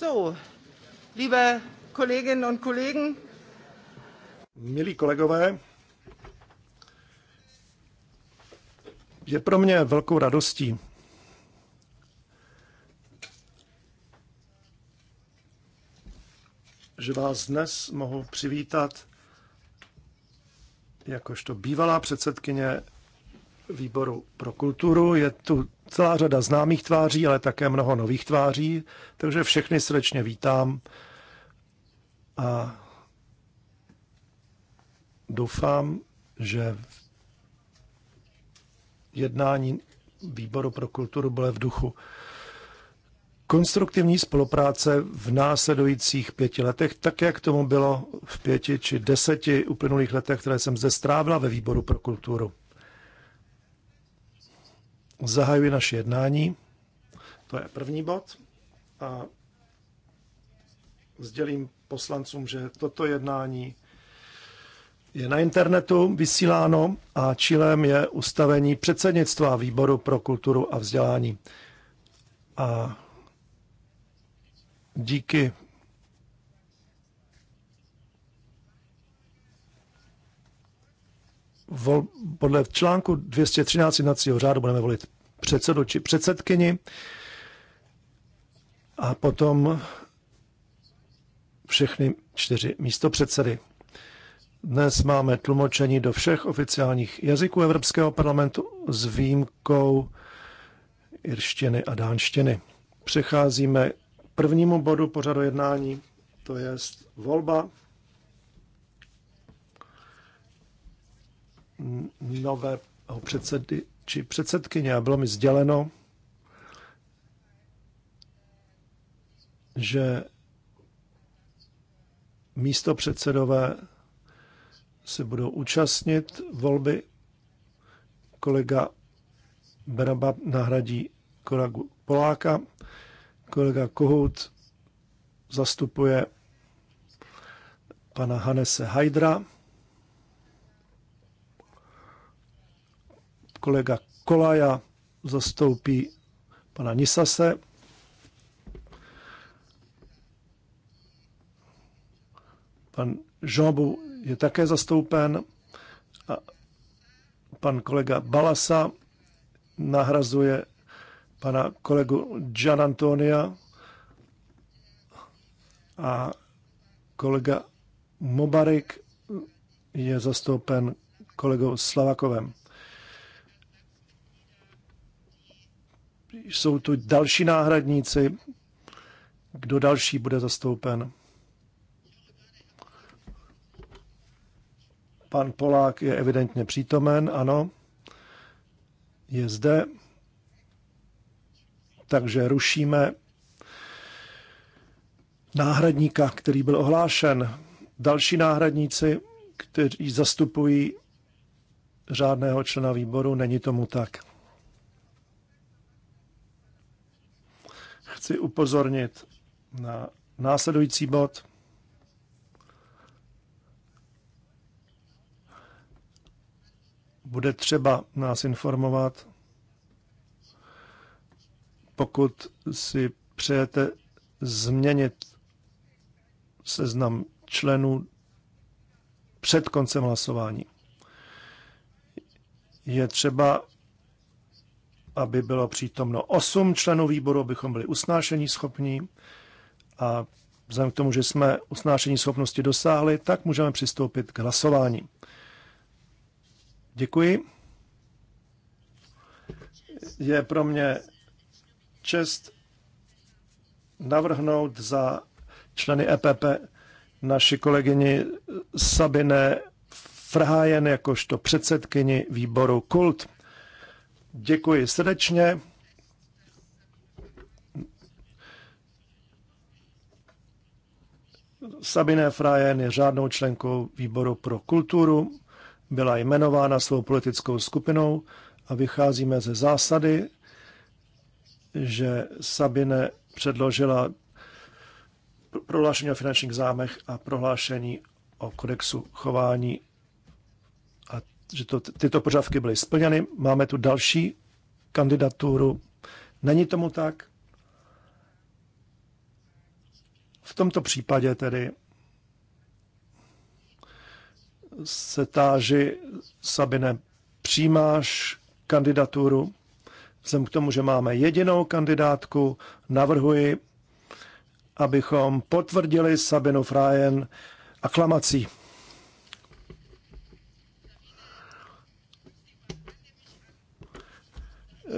So, liebe Kolleginnen und Kollegen. Milí kolegové, je pro mě velkou radostí, že vás dnes mohu přivítat jakožto bývalá předsedkyně výboru pro kulturu. Je tu celá řada známých tváří, ale také mnoho nových tváří, takže všechny srdečně vítám a doufám, že jednání výboru pro kulturu bude v duchu konstruktivní spolupráce v následujících pěti letech, tak jak tomu bylo v pěti či deseti uplynulých letech, které jsem zde strávila ve výboru pro kulturu zahajuji naše jednání. To je první bod. A sdělím poslancům, že toto jednání je na internetu vysíláno a čílem je ustavení předsednictva Výboru pro kulturu a vzdělání. A díky vol, podle článku 213 jednacího řádu budeme volit předsedu či předsedkyni a potom všechny čtyři místopředsedy. Dnes máme tlumočení do všech oficiálních jazyků Evropského parlamentu s výjimkou irštiny a dánštiny. Přecházíme k prvnímu bodu pořadu jednání, to je volba nového předsedy či předsedkyně a bylo mi sděleno, že místo předsedové se budou účastnit volby. Kolega Beraba nahradí kolegu Poláka, kolega Kohout zastupuje pana Hanese Hajdra, kolega Kolaja zastoupí pana Nisase. Pan Žobu je také zastoupen a pan kolega Balasa nahrazuje pana kolegu Gian Antonia a kolega Mobarik je zastoupen kolegou Slavakovem. Jsou tu další náhradníci. Kdo další bude zastoupen? Pan Polák je evidentně přítomen, ano. Je zde. Takže rušíme náhradníka, který byl ohlášen. Další náhradníci, kteří zastupují řádného člena výboru, není tomu tak. chci upozornit na následující bod. Bude třeba nás informovat, pokud si přejete změnit seznam členů před koncem hlasování. Je třeba aby bylo přítomno 8 členů výboru, abychom byli usnášení schopní. A vzhledem k tomu, že jsme usnášení schopnosti dosáhli, tak můžeme přistoupit k hlasování. Děkuji. Je pro mě čest navrhnout za členy EPP naši kolegyni Sabine Frhájen jakožto předsedkyni výboru KULT. Děkuji srdečně. Sabine Frajen je řádnou členkou výboru pro kulturu, byla jmenována svou politickou skupinou a vycházíme ze zásady, že Sabine předložila prohlášení o finančních zámech a prohlášení o kodexu chování že to, tyto požadavky byly splněny. Máme tu další kandidaturu. Není tomu tak? V tomto případě tedy se táži, Sabine, přijímáš kandidaturu? Vzhledem k tomu, že máme jedinou kandidátku, navrhuji, abychom potvrdili Sabinu Frajen aklamací.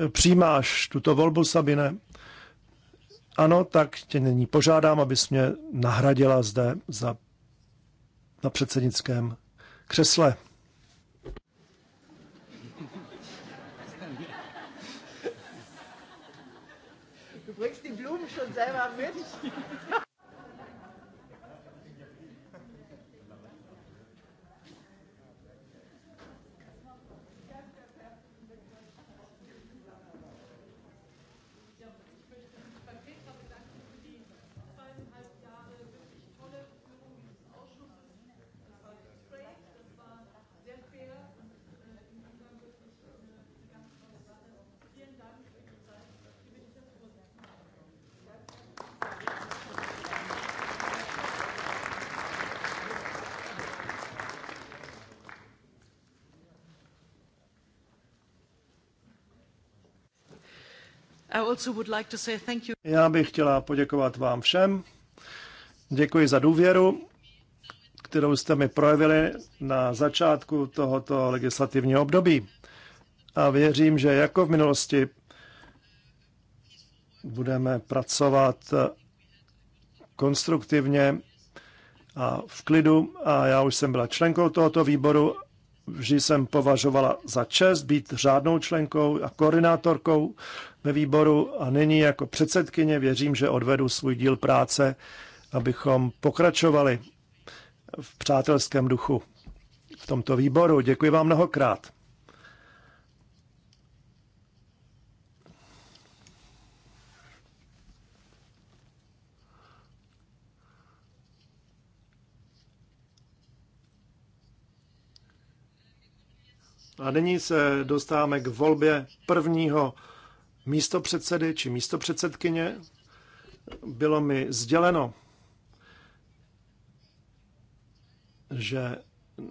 přijímáš tuto volbu, Sabine? Ano, tak tě nyní požádám, abys mě nahradila zde za, na předsednickém křesle. bringst die Blumen schon selber mit. Já bych chtěla poděkovat vám všem. Děkuji za důvěru, kterou jste mi projevili na začátku tohoto legislativního období. A věřím, že jako v minulosti budeme pracovat konstruktivně a v klidu. A já už jsem byla členkou tohoto výboru Vždy jsem považovala za čest být řádnou členkou a koordinátorkou ve výboru a nyní jako předsedkyně věřím, že odvedu svůj díl práce, abychom pokračovali v přátelském duchu v tomto výboru. Děkuji vám mnohokrát. A nyní se dostáváme k volbě prvního místopředsedy či místopředsedkyně. Bylo mi sděleno, že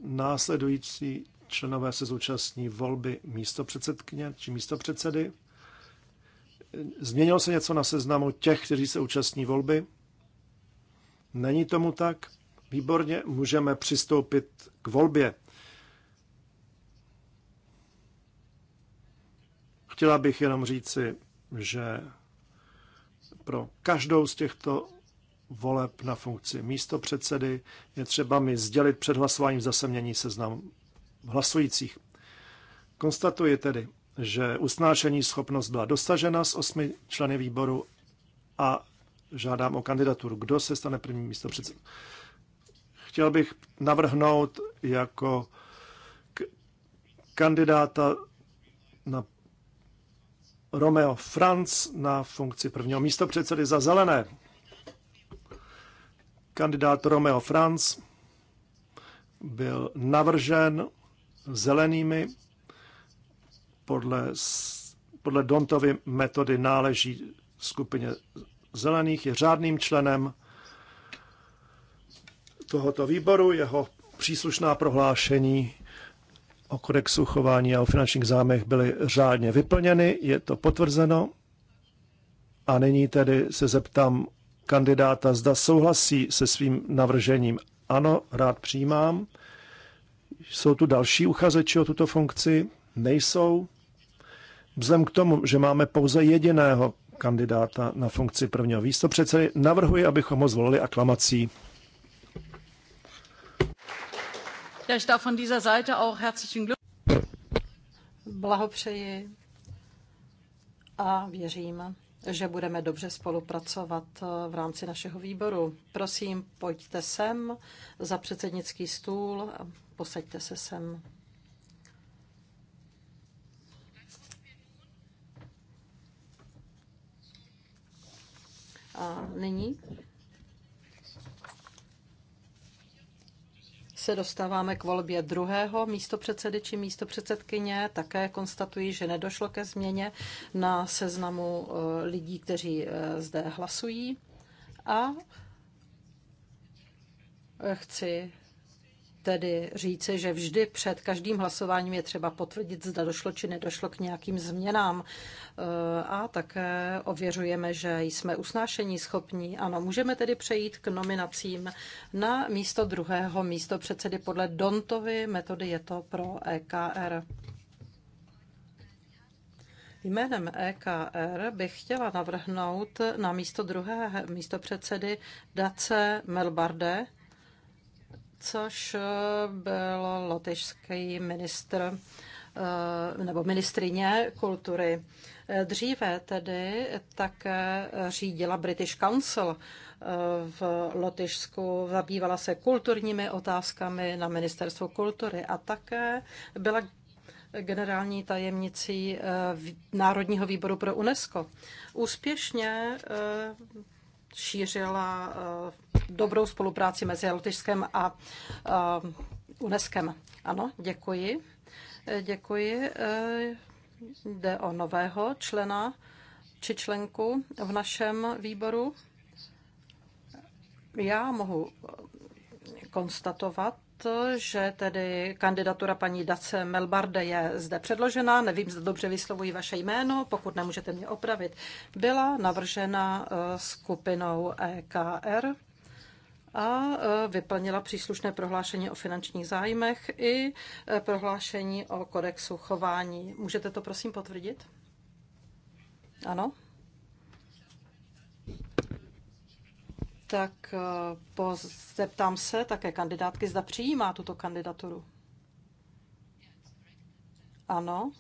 následující členové se zúčastní volby místopředsedkyně či místopředsedy. Změnilo se něco na seznamu těch, kteří se účastní volby? Není tomu tak? Výborně, můžeme přistoupit k volbě. Chtěla bych jenom říci, že pro každou z těchto voleb na funkci místo předsedy je třeba mi sdělit před hlasováním zase mění seznam hlasujících. Konstatuji tedy, že usnášení schopnost byla dosažena s osmi členy výboru a žádám o kandidaturu. Kdo se stane prvním místo předsedy. Chtěl bych navrhnout jako kandidáta na Romeo Franz na funkci prvního místo předsedy za zelené. Kandidát Romeo Franz byl navržen zelenými podle, podle Dontovy metody náleží skupině zelených, je řádným členem tohoto výboru. Jeho příslušná prohlášení o kodexu chování a o finančních zámech byly řádně vyplněny, je to potvrzeno. A nyní tedy se zeptám kandidáta, zda souhlasí se svým navržením. Ano, rád přijímám. Jsou tu další uchazeči o tuto funkci? Nejsou. Vzhledem k tomu, že máme pouze jediného kandidáta na funkci prvního místopředsedy, navrhuji, abychom ho zvolili aklamací. Ja, ich von dieser Seite auch herzlichen Glück. Blahopřeji a věřím, že budeme dobře spolupracovat eh, v rámci našeho výboru. Prosím, pojďte sem za předsednický stůl, posaďte se sem. A nyní se dostáváme k volbě druhého místopředsedy či místopředsedkyně. Také konstatuji, že nedošlo ke změně na seznamu eh, lidí, kteří eh, zde hlasují. A eh, chci tedy říci, že vždy před každým hlasováním je třeba potvrdit, zda došlo či nedošlo k nějakým změnám. Eh, a také ověřujeme, že jsme usnášení schopní. Ano, můžeme tedy přejít k nominacím na místo druhého místo předsedy podle Dontovy metody je to pro EKR. Jménem EKR bych chtěla navrhnout na místo druhé místo předsedy Dace Melbarde, což eh, byl lotyšský ministr eh, nebo ministrině kultury. Eh, dříve tedy také řídila British Council v Lotyšsku, zabývala se kulturními otázkami na ministerstvu kultury a také byla generální tajemnicí Národního výboru pro UNESCO. Úspěšně šířila eh, dobrou spolupráci mezi Lotyšskem a eh, UNESCO. Ano, děkuji. Eh, děkuji. Jde o nového člena či členku v našem výboru. Já mohu konstatovat, že tedy kandidatura paní Dace Melbarde je zde předložena, nevím, zda dobře vyslovuji vaše jméno, pokud nemůžete mě opravit, byla navržena eh, skupinou EKR a eh, vyplnila příslušné prohlášení o finančních zájmech i eh, prohlášení o kodexu chování. Můžete to prosím potvrdit? Ano? tak eh, zeptám se také kandidátky, zda přijímá tuto kandidaturu. Ano,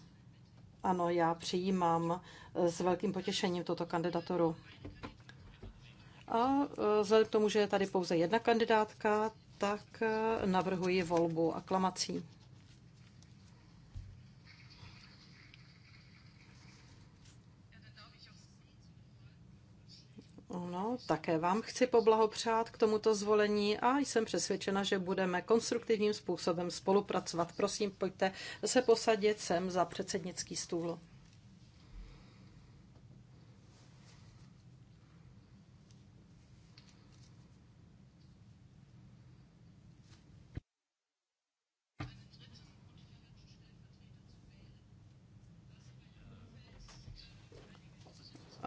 ano, já přijímám eh, s velkým potěšením tuto kandidaturu. A eh, vzhledem k tomu, že je tady pouze jedna kandidátka, tak navrhuji volbu aklamací. také vám chci poblahopřát k tomuto zvolení a jsem přesvědčena, že budeme konstruktivním způsobem spolupracovat. Prosím, pojďte se posadit sem za předsednický stůl.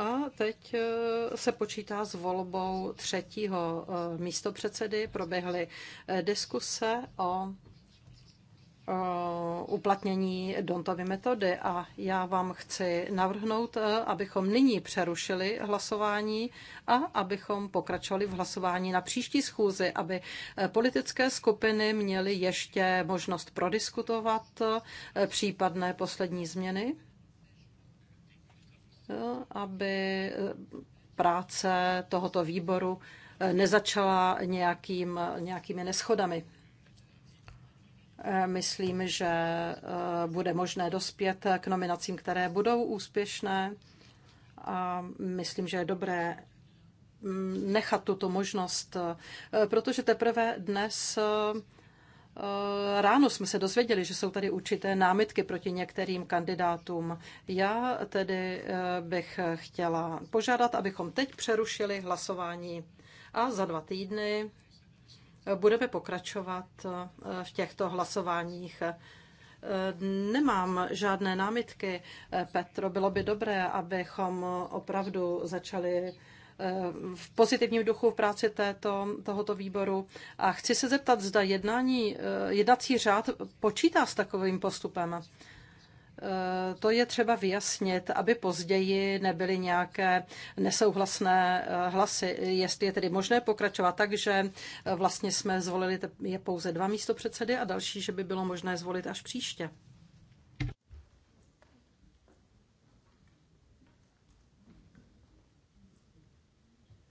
A teď eh, se počítá s volbou třetího eh, místopředsedy. Proběhly eh, diskuse o uplatnění Dontovy metody a já vám chci navrhnout, abychom nyní přerušili hlasování a abychom pokračovali v hlasování na příští schůzi, aby politické skupiny měly ještě možnost prodiskutovat případné poslední změny aby eh, práce tohoto výboru eh, nezačala nějakým, nějakými neschodami. Eh, myslím, že bude možné dospět k nominacím, které budou úspěšné a myslím, že je dobré mm, nechat tuto možnost, protože teprve dnes Eh, ráno jsme se dozvěděli, že jsou tady určité námitky proti některým kandidátům. Já tedy eh, bych chtěla požádat, abychom teď přerušili hlasování a za dva týdny budeme pokračovat eh, v těchto hlasováních. Nemám žádné námitky, Petro. Bylo by dobré, abychom opravdu začali Eh, v pozitivním duchu v práci této, tohoto výboru. A chci se zeptat, zda jednání, eh, jednací řád počítá s takovým postupem. Eh, to je třeba vyjasnit, aby později nebyly nějaké nesouhlasné hlasy. Jestli je tedy možné pokračovat tak, že vlastně jsme zvolili je pouze dva místo předsedy a další, že by bylo možné zvolit až příště.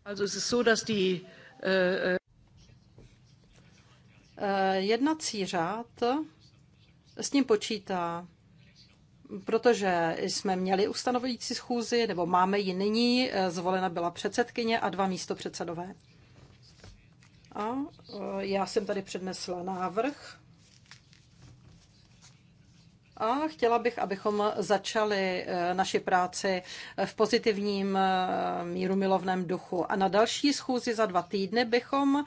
Äh, äh, jednací řád s ním počítá, protože jsme měli ustanovující schůzi, nebo máme ji nyní, eh, zvolena byla předsedkyně a dva místopředsedové. A eh, já jsem tady přednesla návrh a chtěla bych, abychom začali eh, naši práci eh, v pozitivním eh, míru milovném duchu. A na další schůzi za dva týdny bychom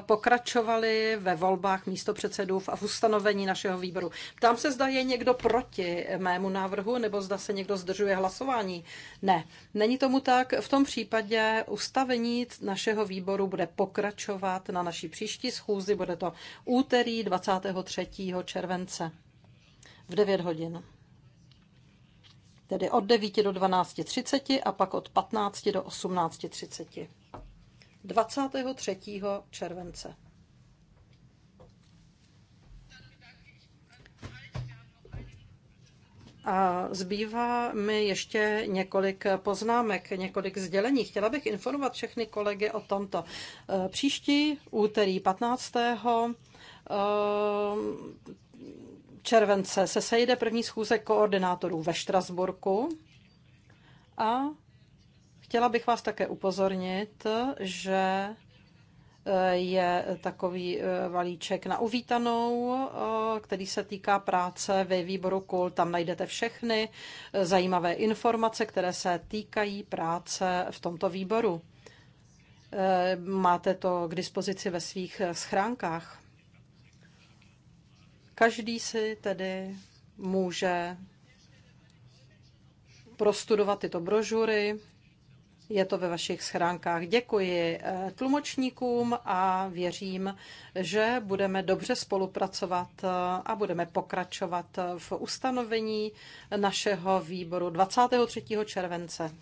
pokračovali ve volbách místopředsedů a v ustanovení našeho výboru. Tam se zda je někdo proti mému návrhu, nebo zda se někdo zdržuje hlasování. Ne, není tomu tak. V tom případě ustavení našeho výboru bude pokračovat na naší příští schůzi. Bude to úterý 23. července v 9 hodin. Tedy od 9 do 12.30 a pak od 15 do 18.30. 23. července. A zbývá mi ještě několik poznámek, několik sdělení. Chtěla bych informovat všechny kolegy o tomto. E, příští úterý 15 července se sejde první schůze koordinátorů ve Štrasburku a chtěla bych vás také upozornit, že eh, je takový valíček eh, na uvítanou, eh, který se týká práce ve výboru KUL. Tam najdete všechny zajímavé informace, které se týkají práce v tomto výboru. Máte to k dispozici ve svých schránkách. Každý si tedy může prostudovat tyto brožury. Je to ve vašich schránkách. Děkuji eh, tlumočníkům a věřím, že budeme dobře spolupracovat eh, a budeme pokračovat eh, v ustanovení našeho výboru 23. července.